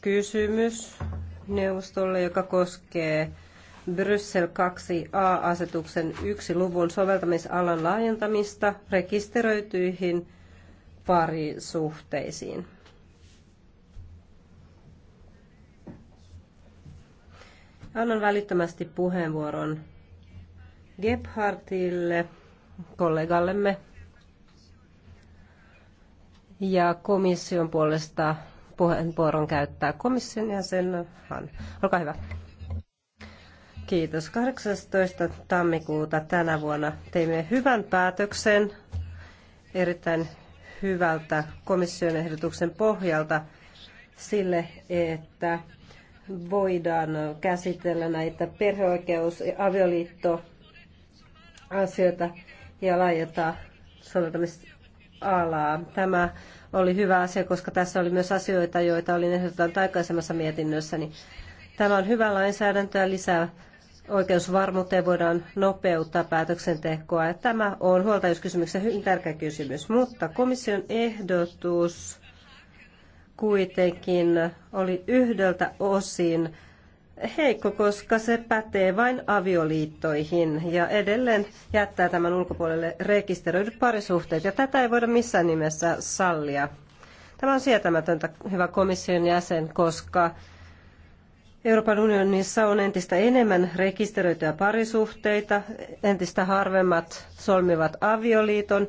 kysymys neuvostolle, joka koskee Bryssel 2a-asetuksen yksi luvun soveltamisalan laajentamista rekisteröityihin parisuhteisiin. Annan välittömästi puheenvuoron Gebhardille, kollegallemme, ja komission puolesta puheenvuoron käyttää komission jäsen Han. Olkaa hyvä. Kiitos. 18. tammikuuta tänä vuonna teimme hyvän päätöksen erittäin hyvältä komission ehdotuksen pohjalta sille, että voidaan käsitellä näitä perheoikeus- ja avioliittoasioita ja laajentaa soveltamista alaa. Tämä oli hyvä asia, koska tässä oli myös asioita, joita olin ehdottanut aikaisemmassa Niin Tämä on hyvä lainsäädäntö ja lisää oikeusvarmuuteen voidaan nopeuttaa päätöksentekoa. Ja tämä on huoltajuuskysymyksen hyvin tärkeä kysymys, mutta komission ehdotus kuitenkin oli yhdeltä osin heikko, koska se pätee vain avioliittoihin ja edelleen jättää tämän ulkopuolelle rekisteröidyt parisuhteet. Ja tätä ei voida missään nimessä sallia. Tämä on sietämätöntä, hyvä komission jäsen, koska Euroopan unionissa on entistä enemmän rekisteröityjä parisuhteita, entistä harvemmat solmivat avioliiton,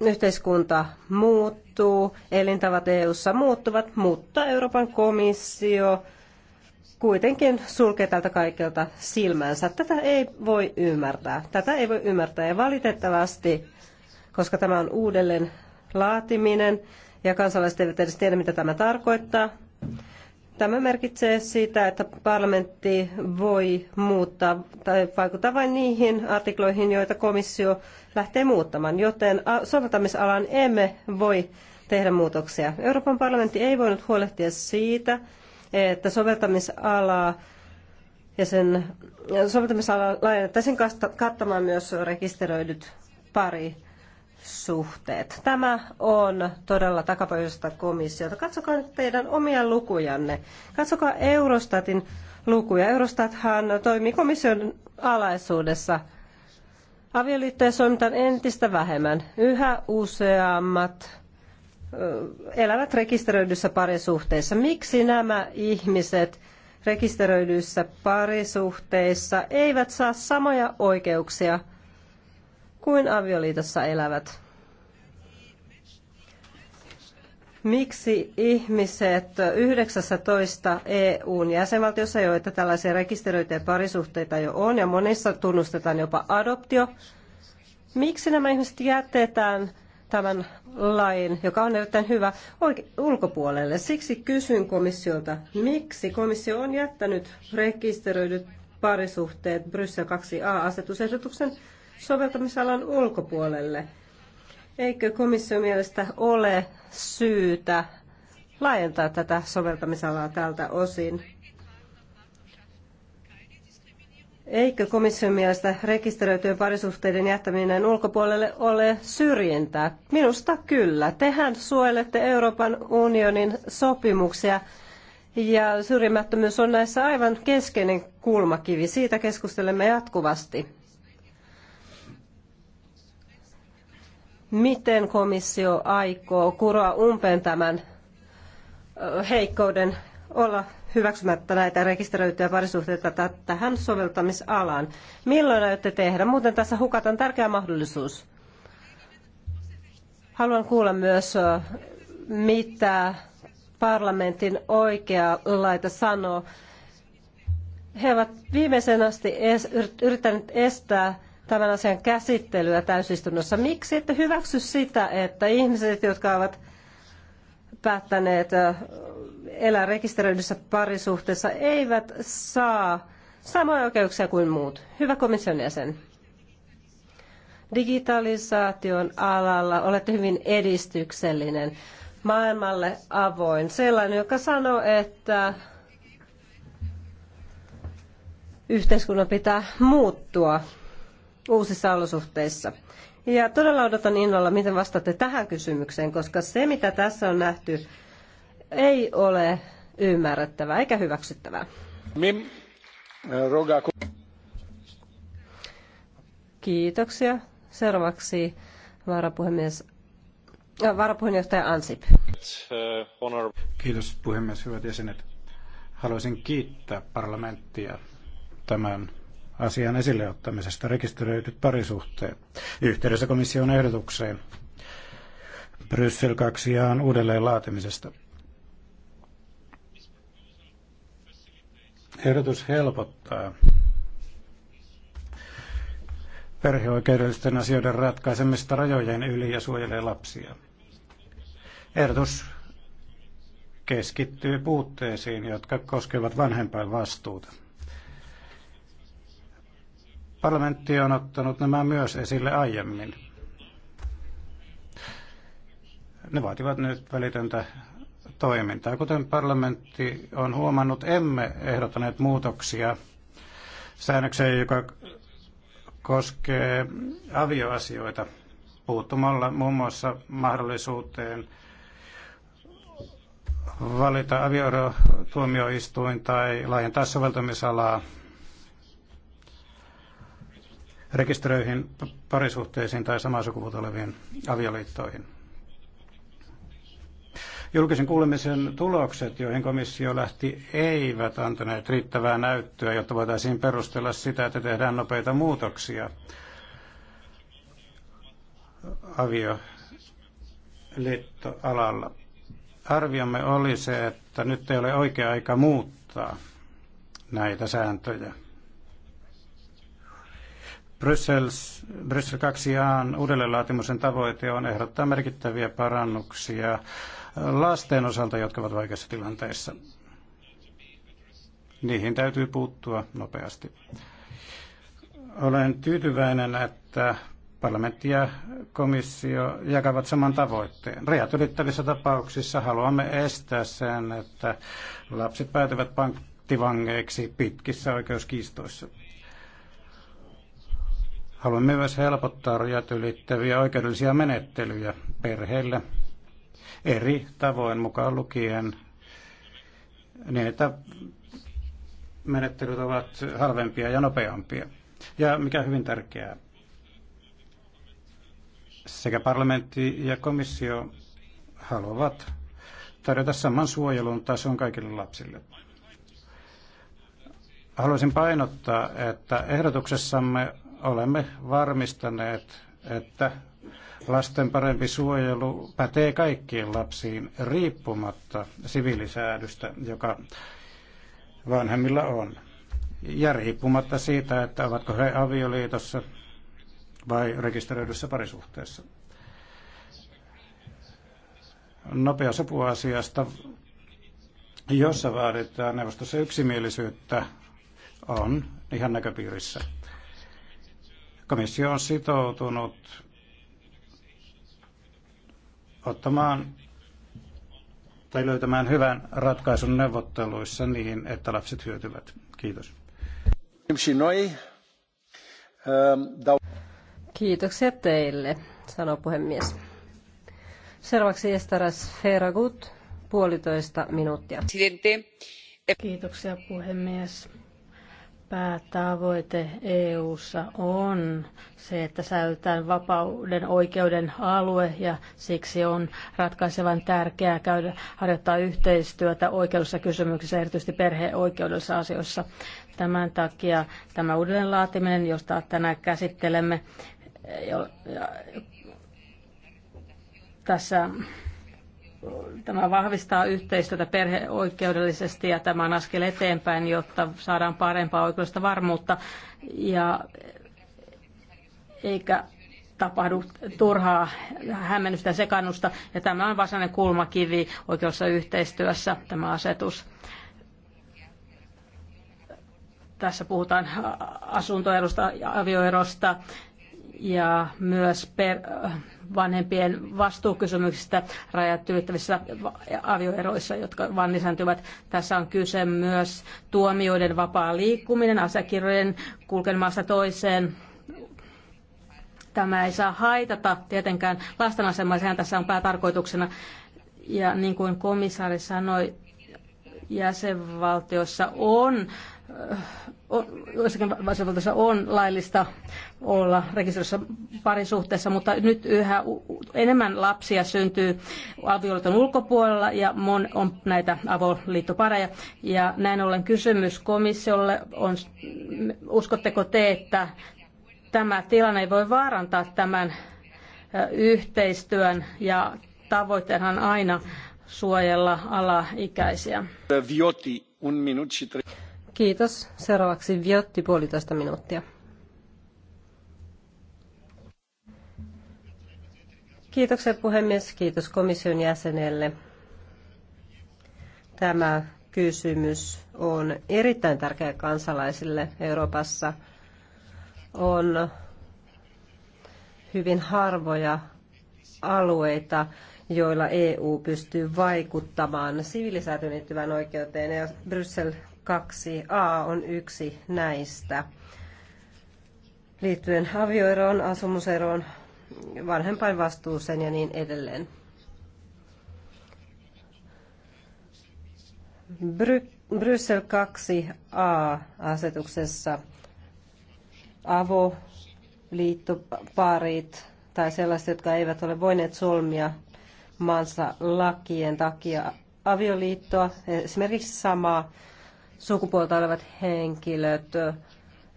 yhteiskunta muuttuu, elintavat EU-ssa muuttuvat, mutta Euroopan komissio kuitenkin sulkee tältä kaikelta silmänsä. Tätä ei voi ymmärtää. Tätä ei voi ymmärtää. Ja valitettavasti, koska tämä on uudelleen laatiminen ja kansalaiset eivät edes tiedä, mitä tämä tarkoittaa, Tämä merkitsee sitä, että parlamentti voi muuttaa tai vaikuttaa vain niihin artikloihin, joita komissio lähtee muuttamaan, joten soveltamisalaan emme voi tehdä muutoksia. Euroopan parlamentti ei voinut huolehtia siitä, että soveltamisalaa ja sen soveltamisalaa laajennettaisiin kattamaan myös rekisteröidyt pari suhteet. Tämä on todella takapäivästä komissiota. Katsokaa nyt teidän omia lukujanne. Katsokaa Eurostatin lukuja. Eurostathan toimii komission alaisuudessa. Avioliittoja solmitaan entistä vähemmän. Yhä useammat elävät rekisteröidyssä parisuhteessa. Miksi nämä ihmiset rekisteröidyissä parisuhteissa eivät saa samoja oikeuksia kuin avioliitossa elävät? Miksi ihmiset 19 EUn jäsenvaltiossa, joita tällaisia rekisteröityjä parisuhteita jo on ja monissa tunnustetaan jopa adoptio, miksi nämä ihmiset jätetään – tämän lain, joka on erittäin hyvä, ulkopuolelle. Siksi kysyn komissiolta, miksi komissio on jättänyt rekisteröidyt parisuhteet Bryssel 2a-asetusehdotuksen soveltamisalan ulkopuolelle. Eikö komission mielestä ole syytä laajentaa tätä soveltamisalaa tältä osin? Eikö komission mielestä rekisteröityjen parisuhteiden jättäminen ulkopuolelle ole syrjintää? Minusta kyllä. Tehän suojelette Euroopan unionin sopimuksia ja syrjimättömyys on näissä aivan keskeinen kulmakivi. Siitä keskustelemme jatkuvasti. Miten komissio aikoo kuroa umpeen tämän heikkouden olla hyväksymättä näitä rekisteröityjä parisuhteita tähän soveltamisalaan. Milloin aiotte tehdä? Muuten tässä hukataan tärkeä mahdollisuus. Haluan kuulla myös, mitä parlamentin oikea laita sanoo. He ovat viimeisen asti yrittäneet estää tämän asian käsittelyä täysistunnossa. Miksi ette hyväksy sitä, että ihmiset, jotka ovat päättäneet elää rekisteröidyssä parisuhteessa eivät saa samoja oikeuksia kuin muut. Hyvä komission jäsen. Digitalisaation alalla olette hyvin edistyksellinen, maailmalle avoin. Sellainen, joka sanoo, että yhteiskunnan pitää muuttua uusissa olosuhteissa. Ja todella odotan innolla, miten vastaatte tähän kysymykseen, koska se, mitä tässä on nähty, ei ole ymmärrettävää eikä hyväksyttävää. Mim, eh, roga. Kiitoksia. Seuraavaksi varapuhemies, äh, varapuheenjohtaja Ansip. Kiitos puhemies, hyvät jäsenet. Haluaisin kiittää parlamenttia tämän asian esille ottamisesta rekisteröityt parisuhteet yhteydessä komission ehdotukseen Bryssel 2 jaan uudelleen laatimisesta. Ehdotus helpottaa perheoikeudellisten asioiden ratkaisemista rajojen yli ja suojelee lapsia. Ehdotus keskittyy puutteisiin, jotka koskevat vanhempainvastuuta. Parlamentti on ottanut nämä myös esille aiemmin. Ne vaativat nyt välitöntä toimintaa. Kuten parlamentti on huomannut, emme ehdottaneet muutoksia säännökseen, joka koskee avioasioita puuttumalla muun muassa mahdollisuuteen valita avioerotuomioistuin tai laajentaa soveltamisalaa rekisteröihin parisuhteisiin tai samaa sukupuolta oleviin avioliittoihin. Julkisen kuulemisen tulokset, joihin komissio lähti, eivät antaneet riittävää näyttöä, jotta voitaisiin perustella sitä, että tehdään nopeita muutoksia avioliittoalalla. Arviomme oli se, että nyt ei ole oikea aika muuttaa näitä sääntöjä. Bryssels, Bryssel 2an uudelleenlaatimisen tavoite on ehdottaa merkittäviä parannuksia lasten osalta, jotka ovat vaikeassa tilanteissa. Niihin täytyy puuttua nopeasti. Olen tyytyväinen, että parlamentti ja komissio jakavat saman tavoitteen. Rajat ylittävissä tapauksissa haluamme estää sen, että lapset päätyvät pankkivangeiksi pitkissä oikeuskiistoissa. Haluamme myös helpottaa rajat ylittäviä oikeudellisia menettelyjä perheille eri tavoin mukaan lukien niin, että menettelyt ovat halvempia ja nopeampia. Ja mikä hyvin tärkeää, sekä parlamentti ja komissio haluavat tarjota saman suojelun tason kaikille lapsille. Haluaisin painottaa, että ehdotuksessamme olemme varmistaneet, että lasten parempi suojelu pätee kaikkiin lapsiin riippumatta siviilisäädystä, joka vanhemmilla on. Ja riippumatta siitä, että ovatko he avioliitossa vai rekisteröidyssä parisuhteessa. Nopea sopu asiasta, jossa vaaditaan neuvostossa yksimielisyyttä, on ihan näköpiirissä. Komissio on sitoutunut ottamaan tai löytämään hyvän ratkaisun neuvotteluissa niin, että lapset hyötyvät. Kiitos. Ähm, Kiitoksia teille, sanoo puhemies. Seuraavaksi Estaras Feragut, puolitoista minuuttia. Kiitoksia puhemies päätavoite EU:ssa on se, että säilytään vapauden oikeuden alue ja siksi on ratkaisevan tärkeää käydä harjoittaa yhteistyötä oikeudessa kysymyksissä, erityisesti perheoikeudellisissa asioissa. Tämän takia tämä uudelleen laatiminen, josta tänään käsittelemme, tässä Tämä vahvistaa yhteistyötä perheoikeudellisesti ja tämä on askel eteenpäin, jotta saadaan parempaa oikeudellista varmuutta ja eikä tapahdu turhaa hämmennystä ja sekannusta. Ja tämä on vasainen kulmakivi oikeudessa yhteistyössä, tämä asetus. Tässä puhutaan asuntoerosta, ja avioerosta ja myös per, vanhempien vastuukysymyksistä rajat ylittävissä avioeroissa, jotka vaan lisääntyvät. Tässä on kyse myös tuomioiden vapaa liikkuminen, asiakirjojen kulkemassa toiseen, Tämä ei saa haitata tietenkään lasten asemaa, sehän tässä on päätarkoituksena. Ja niin kuin komissaari sanoi, jäsenvaltiossa on joissakin vaiheessa on laillista olla rekisteröissä parisuhteessa, mutta nyt yhä enemmän lapsia syntyy avioliiton ulkopuolella ja mon on näitä avoliittopareja. Ja näin ollen kysymys komissiolle on, uskotteko te, että tämä tilanne ei voi vaarantaa tämän yhteistyön ja tavoitteenhan aina suojella alaikäisiä. Vioti, un minuutti. Kiitos. Seuraavaksi Viotti puolitoista minuuttia. Kiitoksia puhemies. Kiitos komission jäsenelle. Tämä kysymys on erittäin tärkeä kansalaisille Euroopassa. On hyvin harvoja alueita, joilla EU pystyy vaikuttamaan siviilisäätöön liittyvään oikeuteen. Ja Bryssel 2a on yksi näistä liittyen avioeroon, asumuseroon, vanhempainvastuuseen ja niin edelleen. Bry- Bryssel 2a-asetuksessa avoliittoparit tai sellaiset, jotka eivät ole voineet solmia maansa lakien takia avioliittoa, esimerkiksi samaa sukupuolta olevat henkilöt.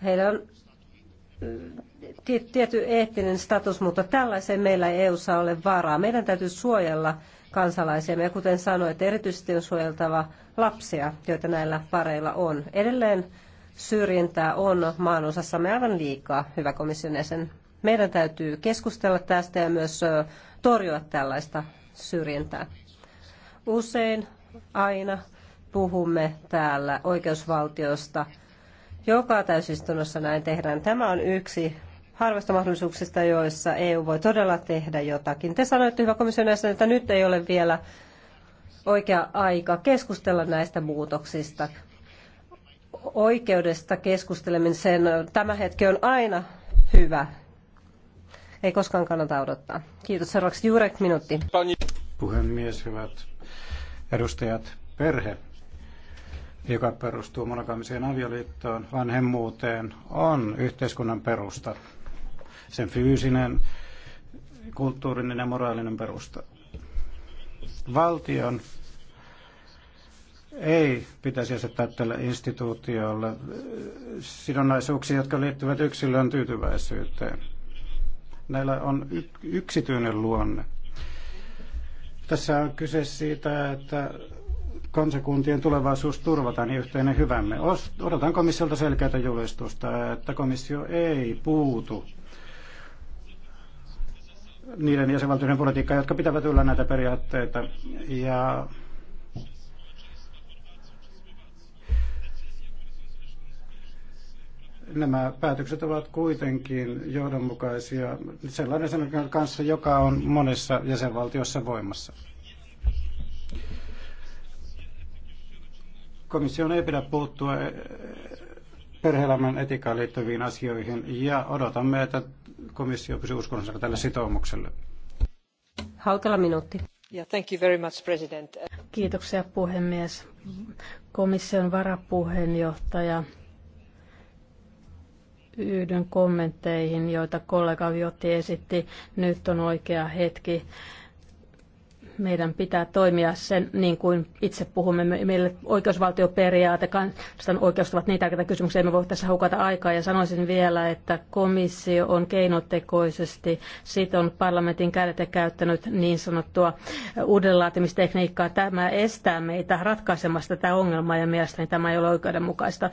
Heillä on mm, tietty eettinen status, mutta tällaiseen meillä ei EUssa ole varaa. Meidän täytyy suojella kansalaisiamme ja kuten sanoit, erityisesti on suojeltava lapsia, joita näillä pareilla on. Edelleen syrjintää on maanosassamme aivan liikaa, hyvä komission jäsen. Meidän täytyy keskustella tästä ja myös torjua tällaista syrjintää. Usein, aina, puhumme täällä oikeusvaltiosta. Joka täysistunnossa näin tehdään. Tämä on yksi harvasta mahdollisuuksista, joissa EU voi todella tehdä jotakin. Te sanoitte, hyvä komission jäsen, että nyt ei ole vielä oikea aika keskustella näistä muutoksista. Oikeudesta keskustelemisen tämä hetki on aina hyvä. Ei koskaan kannata odottaa. Kiitos. Seuraavaksi Jurek, minuutti. Puhemies, hyvät edustajat. Perhe joka perustuu monogamiseen avioliittoon, vanhemmuuteen, on yhteiskunnan perusta. Sen fyysinen, kulttuurinen ja moraalinen perusta. Valtion ei pitäisi asettaa tälle instituutiolle äh, sidonnaisuuksia, jotka liittyvät yksilön tyytyväisyyteen. Näillä on yksityinen luonne. Tässä on kyse siitä, että kansakuntien tulevaisuus turvataan niin yhteinen hyvämme. Odotan komissiolta selkeää julistusta, että komissio ei puutu niiden jäsenvaltioiden politiikkaan, jotka pitävät yllä näitä periaatteita. Ja nämä päätökset ovat kuitenkin johdonmukaisia sellainen kanssa, joka on monissa jäsenvaltiossa voimassa. Komission ei pidä puuttua eh, perhe-elämän etiikkaan liittyviin asioihin ja odotamme, että komissio pysyy uskonnossa tälle sitoumukselle. Hautala minuutti. Yeah, thank you very much, President. Kiitoksia puhemies. Komission varapuheenjohtaja yhden kommentteihin, joita kollega Viotti esitti. Nyt on oikea hetki meidän pitää toimia sen niin kuin itse puhumme. Meille oikeusvaltioperiaate, kansan oikeus ovat niin tärkeitä kysymyksiä, emme voi tässä hukata aikaa. Ja sanoisin vielä, että komissio on keinotekoisesti sitonut parlamentin kädet ja käyttänyt niin sanottua uudenlaatimistekniikkaa. Tämä estää meitä ratkaisemasta tätä ongelmaa ja mielestäni tämä ei ole oikeudenmukaista.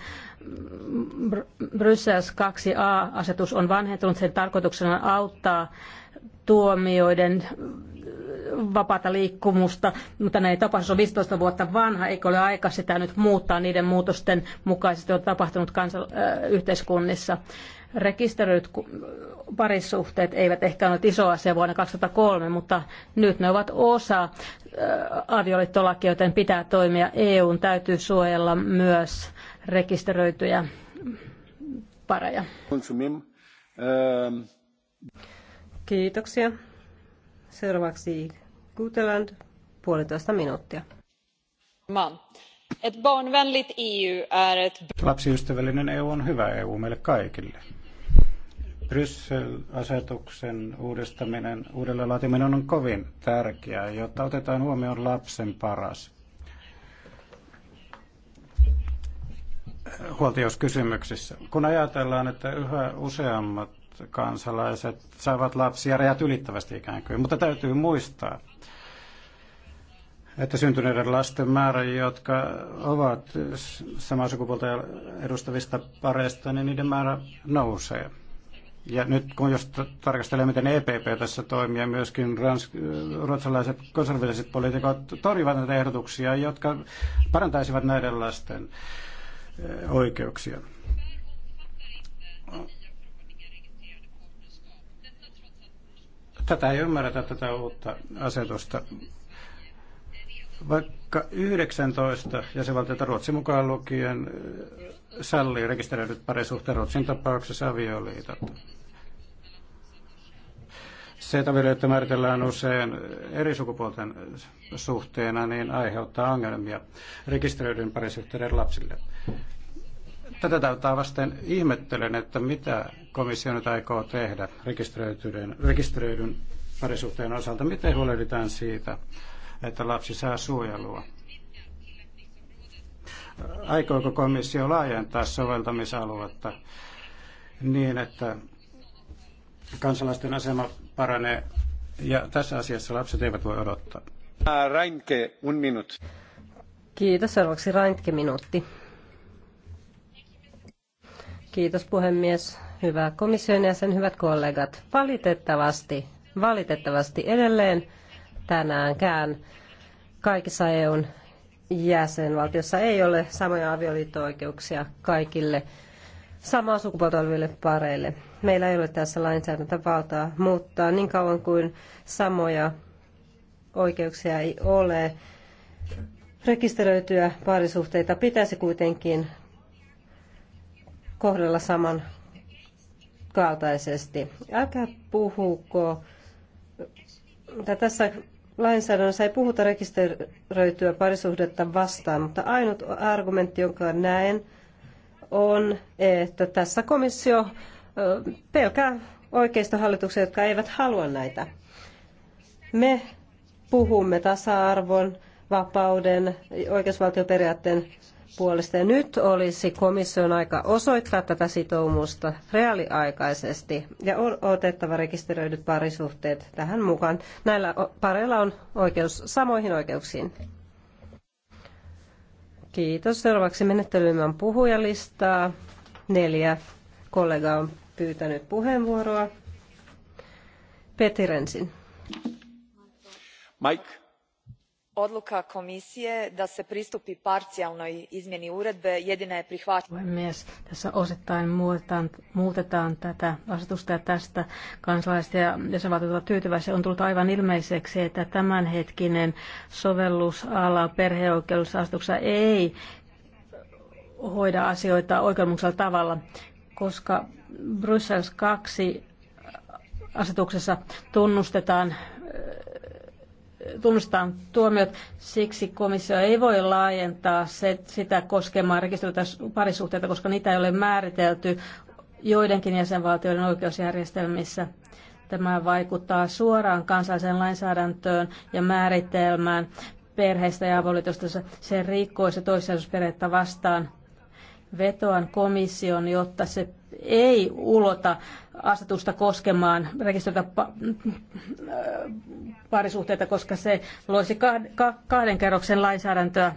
Bryssels 2a-asetus on vanhentunut. Sen tarkoituksena on auttaa tuomioiden vapaata liikkumusta, mutta näin tapaus on 15 vuotta vanha, eikö ole aika sitä nyt muuttaa niiden muutosten mukaisesti, on tapahtunut kansa- yhteiskunnissa. Rekisteröidyt parisuhteet eivät ehkä ole iso asia vuonna 2003, mutta nyt ne ovat osa avioliittolakia, joten pitää toimia. EUn täytyy suojella myös rekisteröityjä pareja. Kiitoksia. Seuraavaksi Guteland, puolitoista minuuttia. Man. Ett barnvänligt EU är ett... Lapsiystävällinen EU on hyvä EU meille kaikille. Bryssel-asetuksen uudistaminen, uudelleen laatiminen on kovin tärkeää, jotta otetaan huomioon lapsen paras. huoltajuuskysymyksissä. Kun ajatellaan, että yhä useammat kansalaiset saavat lapsia rajat ylittävästi ikään kuin. Mutta täytyy muistaa, että syntyneiden lasten määrä, jotka ovat samaa sukupuolta edustavista pareista, niin niiden määrä nousee. Ja nyt kun jos tarkastelee, miten EPP tässä toimii ja myöskin rans- ruotsalaiset konservatiiviset poliitikot torjuvat näitä ehdotuksia, jotka parantaisivat näiden lasten oikeuksia. Tätä ei ymmärretä, tätä uutta asetusta. Vaikka 19 jäsenvaltiota Ruotsin mukaan lukien eh, sallii rekisteröidyt parisuhteet Ruotsin tapauksessa avioliitot. Se avioliitto määritellään usein eri sukupuolten suhteena, niin aiheuttaa ongelmia rekisteröidyn parisuhteiden lapsille. Tätä taustaa vasten ihmettelen, että mitä komissio nyt aikoo tehdä rekisteröidyn, rekisteröidyn parisuhteen osalta. Miten huolehditaan siitä, että lapsi saa suojelua? Aikooko komissio laajentaa soveltamisaluetta niin, että kansalaisten asema paranee ja tässä asiassa lapset eivät voi odottaa? Rainke, un Kiitos. Seuraavaksi Rainke minuutti. Kiitos puhemies. Hyvä komission ja sen hyvät kollegat. Valitettavasti, valitettavasti edelleen tänäänkään kaikissa EUn jäsenvaltiossa ei ole samoja avioliitto-oikeuksia kaikille samaa sukupuolta oleville pareille. Meillä ei ole tässä lainsäädäntövaltaa mutta niin kauan kuin samoja oikeuksia ei ole. Rekisteröityjä parisuhteita pitäisi kuitenkin kohdella saman kaltaisesti. Älkää puhuko. Tässä lainsäädännössä ei puhuta rekisteröityä parisuhdetta vastaan, mutta ainut argumentti, jonka näen, on, että tässä komissio pelkää oikeistohallituksia, jotka eivät halua näitä. Me puhumme tasa-arvon, vapauden, oikeusvaltioperiaatteen puolesta. Ja nyt olisi komission aika osoittaa tätä sitoumusta reaaliaikaisesti ja on otettava rekisteröidyt parisuhteet tähän mukaan. Näillä pareilla on oikeus samoihin oikeuksiin. Kiitos. Seuraavaksi menettelymän puhujalistaa. Neljä kollegaa on pyytänyt puheenvuoroa. Peti Rensin. Mike odluka komisije da se pristupi parcijalnoj izmjeni uredbe jedina je prihvatljiva. Puhemies, tässä osittain muutetaan, muutetaan tätä asetusta ja tästä kansalaiset ja jäsenvaltiot ovat tyytyväisiä. On tullut aivan ilmeiseksi, että tämänhetkinen sovellusala perheoikeusasetuksessa ei hoida asioita oikeudenmukaisella tavalla, koska Bryssels 2 asetuksessa tunnustetaan tunnustetaan tuomiot. Siksi komissio ei voi laajentaa se, sitä koskemaan rekisteröitä parisuhteita, koska niitä ei ole määritelty joidenkin jäsenvaltioiden oikeusjärjestelmissä. Tämä vaikuttaa suoraan kansalliseen lainsäädäntöön ja määritelmään perheistä ja avoliitosta. Se rikkoisi toissijaisuusperiaatetta vastaan. Vetoan komission, jotta se ei ulota asetusta koskemaan rekisteröitä parisuhteita, koska se loisi kahden kerroksen lainsäädäntöä.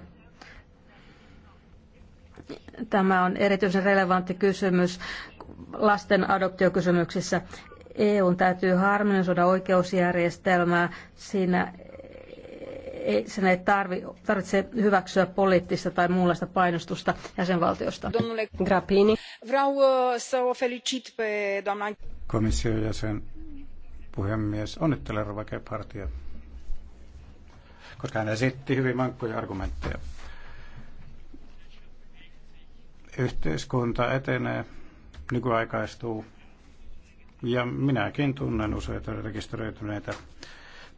Tämä on erityisen relevantti kysymys lasten adoptiokysymyksissä. EUn täytyy harmonisoida oikeusjärjestelmää. Siinä ei, sen ei tarvi, tarvitse hyväksyä poliittista tai muunlaista painostusta jäsenvaltiosta. Grappini. Vreau uh, să o felicit pe doamna... Komission jäsen puhemies, onnittelen Rova Gebhardtia, koska hän esitti hyvin mankkoja argumentteja. Yhteiskunta etenee, nykyaikaistuu ja minäkin tunnen useita rekisteröityneitä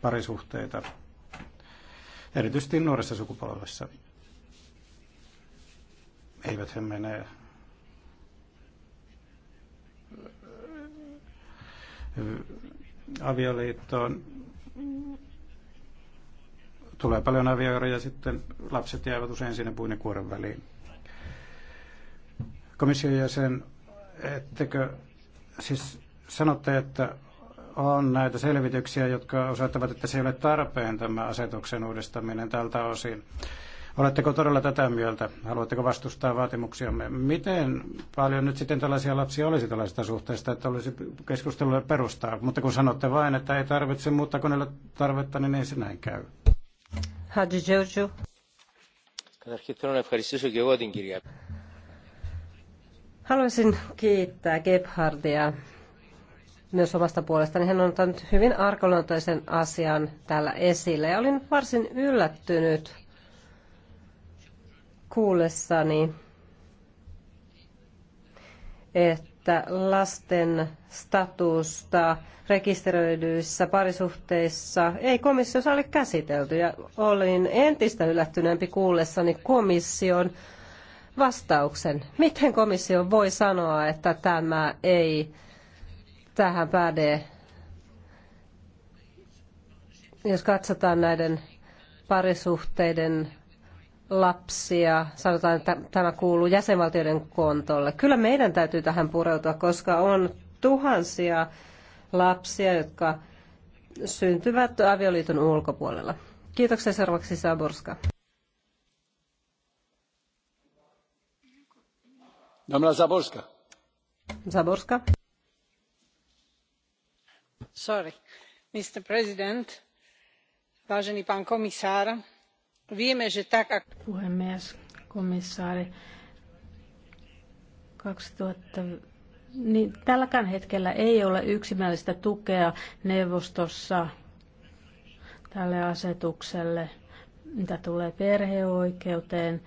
parisuhteita erityisesti nuoressa sukupolvessa. Eivät he mene äh, avioliittoon. Tulee paljon avioeroja ja sitten lapset jäävät usein sinne puun ja kuoren väliin. Komission jäsen, ettekö siis sanotte, että on näitä selvityksiä, jotka osoittavat, että se ei ole tarpeen tämä asetuksen uudistaminen tältä osin. Oletteko todella tätä mieltä? Haluatteko vastustaa vaatimuksiamme? Miten paljon nyt sitten tällaisia lapsia olisi tällaisesta suhteesta, että olisi keskustelua perustaa? Mutta kun sanotte vain, että ei tarvitse muuta koneella tarvetta, niin ei se näin käy. Hadi Jojo. Haluaisin kiittää Gebhardia myös omasta puolestani. Hän on ottanut hyvin arkaluontoisen asian täällä esille. Ja olin varsin yllättynyt kuullessani, että lasten statusta rekisteröidyissä parisuhteissa ei komissiossa ole käsitelty. Ja olin entistä yllättyneempi kuullessani komission vastauksen. Miten komissio voi sanoa, että tämä ei tähän pädee. Jos katsotaan näiden parisuhteiden lapsia, sanotaan, että tämä kuuluu jäsenvaltioiden kontolle. Kyllä meidän täytyy tähän pureutua, koska on tuhansia lapsia, jotka syntyvät avioliiton ulkopuolella. Kiitoksia seuraavaksi Saborska. Namla Zaborska. Zaborska vážený pán vážený pán komisár vieme že tak ako. puhemies komissaari niin tälläkään hetkellä ei ole yksimielistä tukea neuvostossa tälle asetukselle mitä tulee perheoikeuteen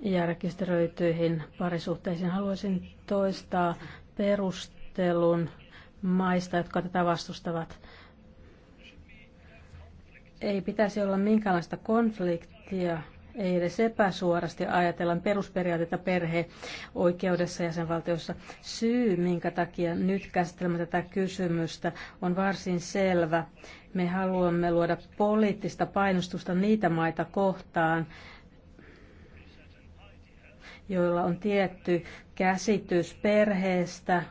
ja rekisteröityihin parisuhteisiin. Haluaisin toistaa perustelun maista, jotka tätä vastustavat. Ei pitäisi olla minkäänlaista konfliktia, ei edes epäsuorasti ajatella perusperiaatetta perheoikeudessa jäsenvaltiossa. Syy, minkä takia nyt käsittelemme tätä kysymystä, on varsin selvä. Me haluamme luoda poliittista painostusta niitä maita kohtaan, joilla on tietty käsitys perheestä,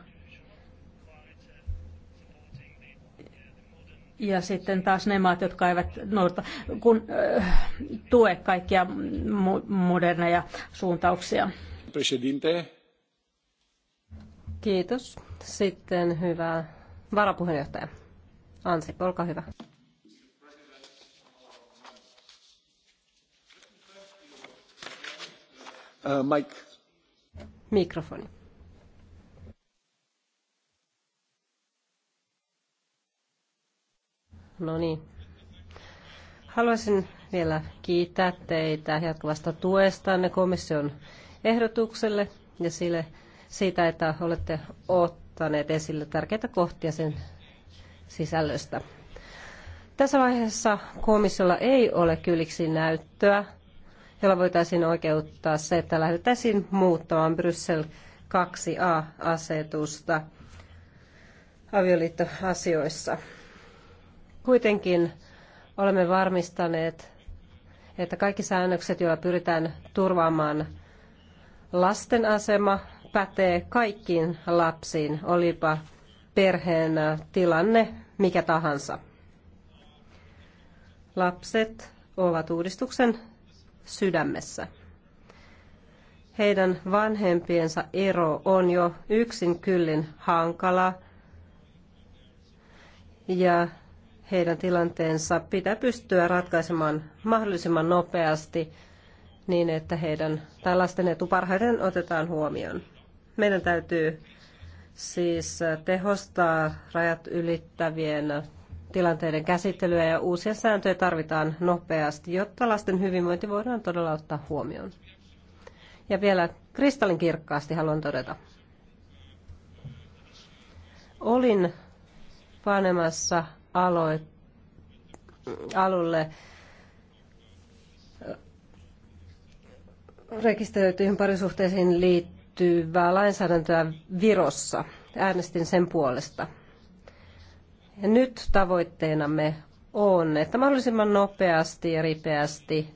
ja sitten taas ne maat, jotka eivät noudata, kun, äh, tue kaikkia mu- moderneja suuntauksia. Presidente. Kiitos. Sitten hyvä varapuheenjohtaja. Ansi, olkaa hyvä. Uh, Mike. Mikrofoni. No niin. Haluaisin vielä kiittää teitä jatkuvasta tuestanne komission ehdotukselle ja sille, siitä, että olette ottaneet esille tärkeitä kohtia sen sisällöstä. Tässä vaiheessa komissiolla ei ole kylliksi näyttöä, jolla voitaisiin oikeuttaa se, että lähdettäisiin muuttamaan Bryssel 2a-asetusta avioliittoasioissa. Kuitenkin olemme varmistaneet, että kaikki säännökset, joilla pyritään turvaamaan lasten asema, pätee kaikkiin lapsiin, olipa perheen tilanne mikä tahansa. Lapset ovat uudistuksen sydämessä. Heidän vanhempiensa ero on jo yksin kyllin hankala ja heidän tilanteensa pitää pystyä ratkaisemaan mahdollisimman nopeasti niin, että heidän tai lasten etu parhaiten otetaan huomioon. Meidän täytyy siis tehostaa rajat ylittävien tilanteiden käsittelyä ja uusia sääntöjä tarvitaan nopeasti, jotta lasten hyvinvointi voidaan todella ottaa huomioon. Ja vielä Kristallin kirkkaasti haluan todeta. Olin panemassa aloit, alulle rekisteröityihin parisuhteisiin liittyvää lainsäädäntöä Virossa. Äänestin sen puolesta. Ja nyt tavoitteenamme on, että mahdollisimman nopeasti ja ripeästi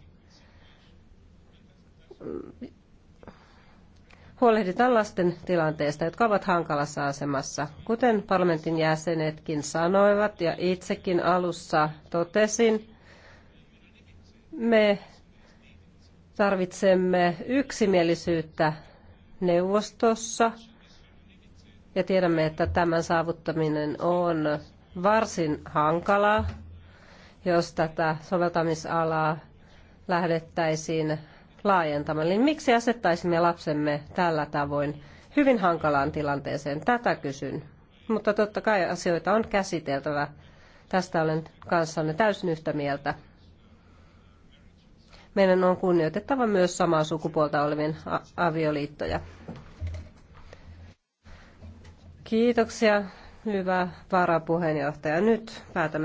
huolehditaan lasten tilanteesta, jotka ovat hankalassa asemassa. Kuten parlamentin jäsenetkin sanoivat ja itsekin alussa totesin, me tarvitsemme yksimielisyyttä neuvostossa ja tiedämme, että tämän saavuttaminen on varsin hankalaa, jos tätä soveltamisalaa lähdettäisiin laajentamaan. Eli miksi asettaisimme lapsemme tällä tavoin hyvin hankalaan tilanteeseen? Tätä kysyn. Mutta totta kai asioita on käsiteltävä. Tästä olen kanssanne täysin yhtä mieltä. Meidän on kunnioitettava myös samaa sukupuolta olevien avioliittoja. Kiitoksia, hyvä varapuheenjohtaja. Nyt päätämme